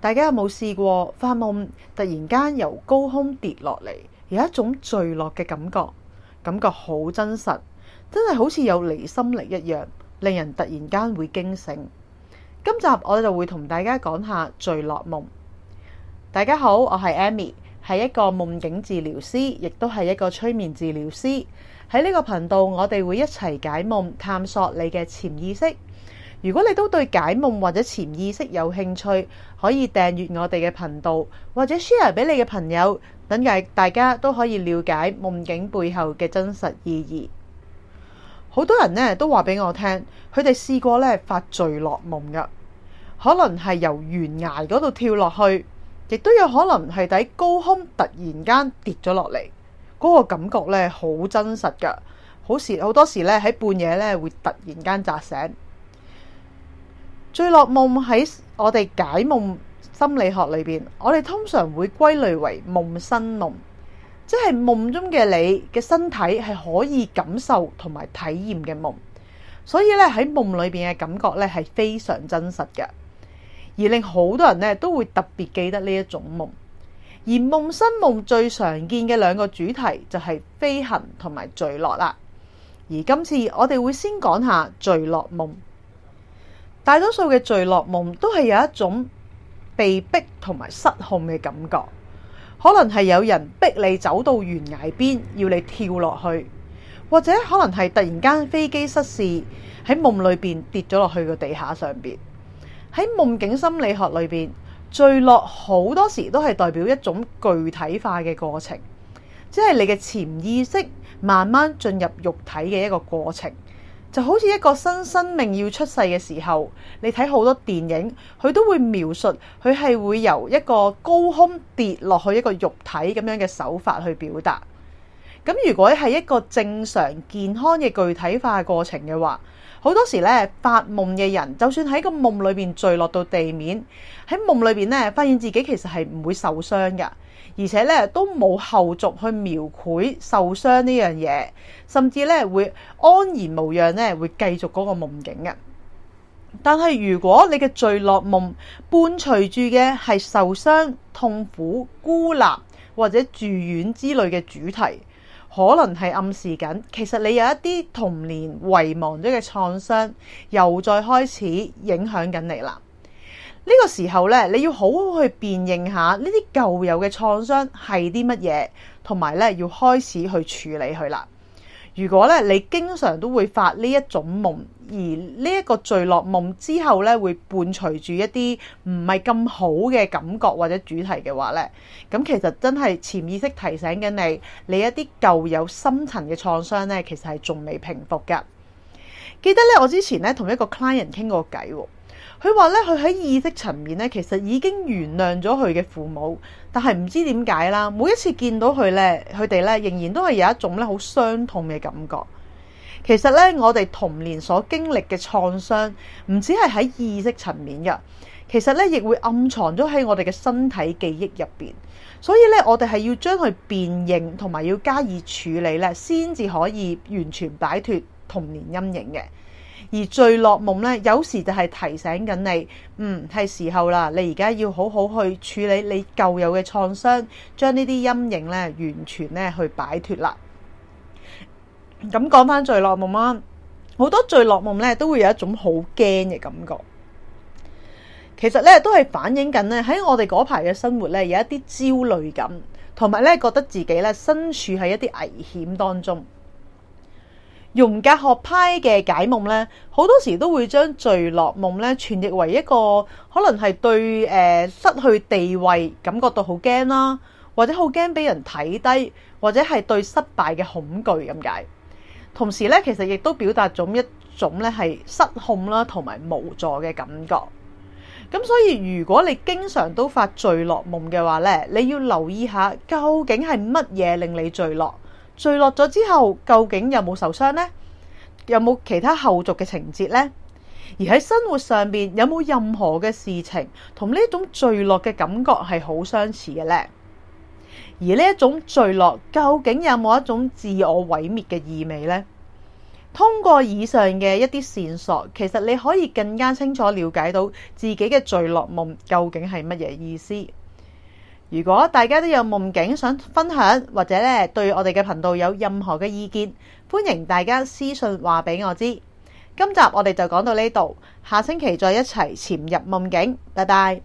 大家有冇試過發夢突然間由高空跌落嚟，有一種墜落嘅感覺，感覺好真實，真係好似有離心力一樣，令人突然間會驚醒。今集我哋就會同大家講下墜落夢。大家好，我係 Amy，係一個夢境治療師，亦都係一個催眠治療師。喺呢個頻道，我哋會一齊解夢，探索你嘅潛意識。如果你都對解夢或者潛意識有興趣，可以訂閱我哋嘅頻道，或者 share 俾你嘅朋友，等埋大家都可以了解夢境背後嘅真實意義。好多人呢都話俾我聽，佢哋試過呢發墜落夢噶，可能係由懸崖嗰度跳落去，亦都有可能係喺高空突然間跌咗落嚟。嗰個感覺呢好真實噶，好時好多時呢喺半夜呢會突然間扎醒。墜落夢喺我哋解夢心理學裏邊，我哋通常會歸類為夢身夢，即係夢中嘅你嘅身體係可以感受同埋體驗嘅夢，所以咧喺夢裏邊嘅感覺咧係非常真實嘅，而令好多人呢都會特別記得呢一種夢。而夢身夢最常見嘅兩個主題就係飛行同埋墜落啦。而今次我哋會先講下墜落夢。大多數嘅墜落夢都係有一種被逼同埋失控嘅感覺，可能係有人逼你走到懸崖邊，要你跳落去，或者可能係突然間飛機失事，喺夢裏邊跌咗落去個地下上邊。喺夢境心理學裏邊，墜落好多時都係代表一種具體化嘅過程，即係你嘅潛意識慢慢進入肉體嘅一個過程。就好似一個新生命要出世嘅時候，你睇好多電影，佢都會描述，佢係會由一個高空跌落去一個肉體咁樣嘅手法去表達。咁如果係一個正常健康嘅具體化過程嘅話，好多時咧發夢嘅人，就算喺個夢裏邊墜落到地面，喺夢裏邊咧發現自己其實係唔會受傷㗎，而且咧都冇後續去描繪受傷呢樣嘢，甚至咧會安然無恙咧會繼續嗰個夢境嘅。但係如果你嘅墜落夢伴隨住嘅係受傷、痛苦、孤立或者住院之類嘅主題。可能係暗示緊，其實你有一啲童年遺忘咗嘅創傷，又再開始影響緊你啦。呢個時候呢，你要好好去辨認下，呢啲舊有嘅創傷係啲乜嘢，同埋呢要開始去處理佢啦。如果咧你經常都會發呢一種夢，而呢一個墜落夢之後咧，會伴隨住一啲唔係咁好嘅感覺或者主題嘅話咧，咁其實真係潛意識提醒緊你，你一啲舊有深層嘅創傷咧，其實係仲未平復㗎。記得咧，我之前咧同一個 client 傾過偈喎、哦。佢話咧，佢喺意識層面咧，其實已經原諒咗佢嘅父母，但係唔知點解啦。每一次見到佢咧，佢哋咧仍然都係有一種咧好傷痛嘅感覺。其實咧，我哋童年所經歷嘅創傷，唔只係喺意識層面嘅，其實咧亦會暗藏咗喺我哋嘅身體記憶入邊。所以咧，我哋係要將佢辨認，同埋要加以處理咧，先至可以完全擺脫童年陰影嘅。而墜落夢呢，有時就係提醒緊你，嗯，係時候啦，你而家要好好去處理你舊有嘅創傷，將呢啲陰影呢完全呢去擺脫啦。咁講翻墜落夢啦，好多墜落夢呢都會有一種好驚嘅感覺，其實呢都係反映緊呢喺我哋嗰排嘅生活呢，有一啲焦慮感，同埋呢覺得自己呢身處喺一啲危險當中。榮格學派嘅解夢呢，好多時都會將墜落夢呢，傳譯為一個可能係對誒、呃、失去地位感覺到好驚啦，或者好驚俾人睇低，或者係對失敗嘅恐懼咁解。同時呢，其實亦都表達咗一種呢係失控啦，同埋無助嘅感覺。咁所以，如果你經常都發墜落夢嘅話呢，你要留意下究竟係乜嘢令你墜落？墜落咗之後，究竟有冇受傷呢？有冇其他後續嘅情節呢？而喺生活上邊，有冇任何嘅事情同呢一種墜落嘅感覺係好相似嘅呢？而呢一種墜落，究竟有冇一種自我毀滅嘅意味呢？通過以上嘅一啲線索，其實你可以更加清楚了解到自己嘅墜落夢究竟係乜嘢意思。如果大家都有夢境想分享，或者咧對我哋嘅頻道有任何嘅意見，歡迎大家私信話畀我知。今集我哋就講到呢度，下星期再一齊潛入夢境，拜拜。